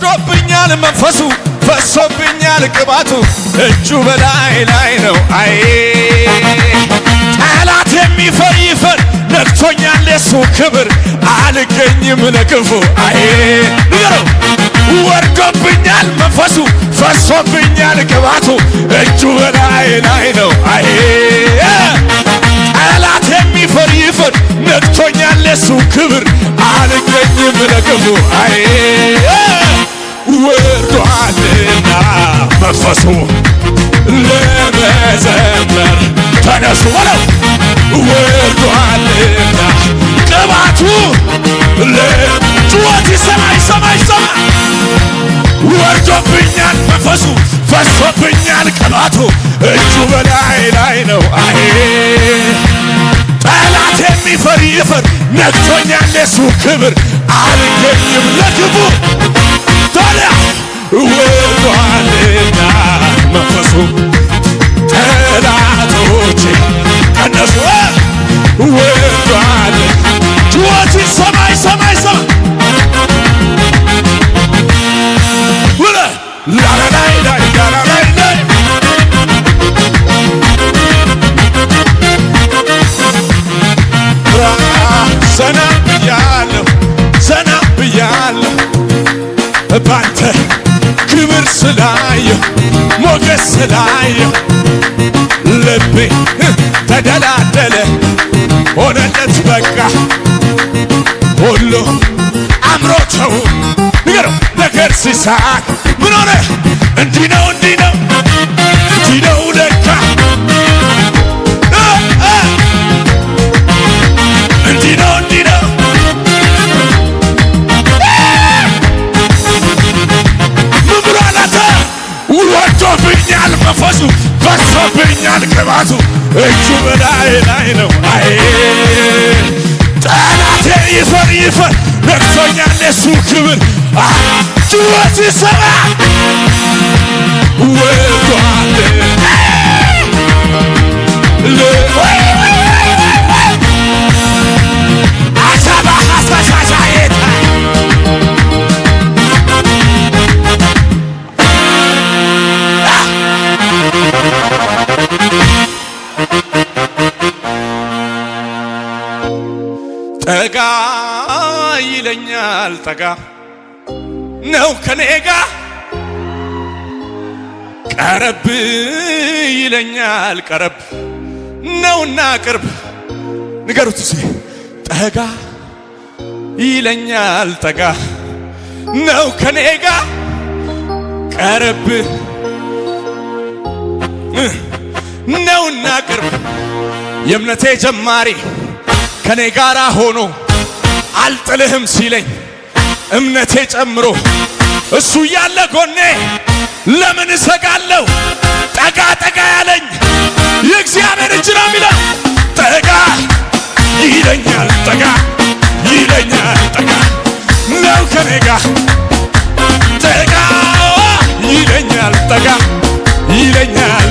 ወርዶብኛል መንፈሱ ፈሶብኛል ቅባቱ እጁ በላይ ላይ ነው። አይ ጠላት የሚፈር ነክቶኛል የሱ ክብር አልገኝም ለክፉ አይ ንገረው ወርዶብኛል መንፈሱ ፈሶብኛል ቅባቱ እጁ በላይ ላይ ነው። አይ ጠላት የሚፈር ነክቶኛል የሱ ክብር አልገኝም ለክፉ አይ ሞልቷልና መንፈሱ ለመዘመር ተነሱ በለው ወርዷልና ቅባቱ ጩኸት ይሰማ ይሰማ ይሰማ ወርዶብኛል መንፈሱ ፈሶብኛል ቅባቱ እጁ በላይ ላይ ነው አይ ጠላት የሚፈር ይፈር ነግቶኛል የሱ ክብር አልገኝም ለክቡር ታዲያ ወርዷልና መንፈሱ ጠላቶቼ ቀነሱ ወርዷል ጩኸት ሰማይ ሰማይ ሰማይ ዘና ብያለሁ ዘና ብያለሁ ባንተ ክብር ስላየሁ ሞገስ ስላየሁ ልቤ ተደላደለ ሆነለት በቃ ሁሉ አምሮቸው ንገረው ነገር ሲሳት ምን ሆነ እንዲህ ነው እንዲህ ነው እንዲህ ነው ለካ ደርሶብኛል ቅባቱ እጁ በላይ ላይ ነው። አይ ጠላቴ ይፈር ይፈር ነክቶኛል የሱ ክብር ድወት ይሰራ ወ ጠጋ ይለኛል ጠጋ ነው ከኔ ጋ ቀረብ ይለኛል ቀረብ ነውና ቅርብ ንገሩት ሲ ጠጋ ይለኛል ጠጋ ነው ከኔ ጋ ቀረብ ነውና ቅርብ የእምነቴ ጀማሪ ከኔ ጋራ ሆኖ አልጥልህም ሲለኝ እምነቴ ጨምሮ እሱ እያለ ጎኔ ለምን እሰጋለሁ? ጠጋ ጠጋ ያለኝ የእግዚአብሔር እጅ ነው የሚለው ጠጋ ይለኛል ጠጋ ይለኛል ጠጋ ነው ከኔ ጋር ጠጋ ይለኛል ጠጋ ይለኛል